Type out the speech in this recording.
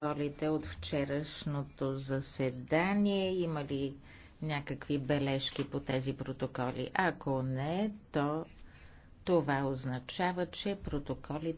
протоколите от вчерашното заседание? Има ли някакви бележки по тези протоколи? Ако не, то това означава, че протоколите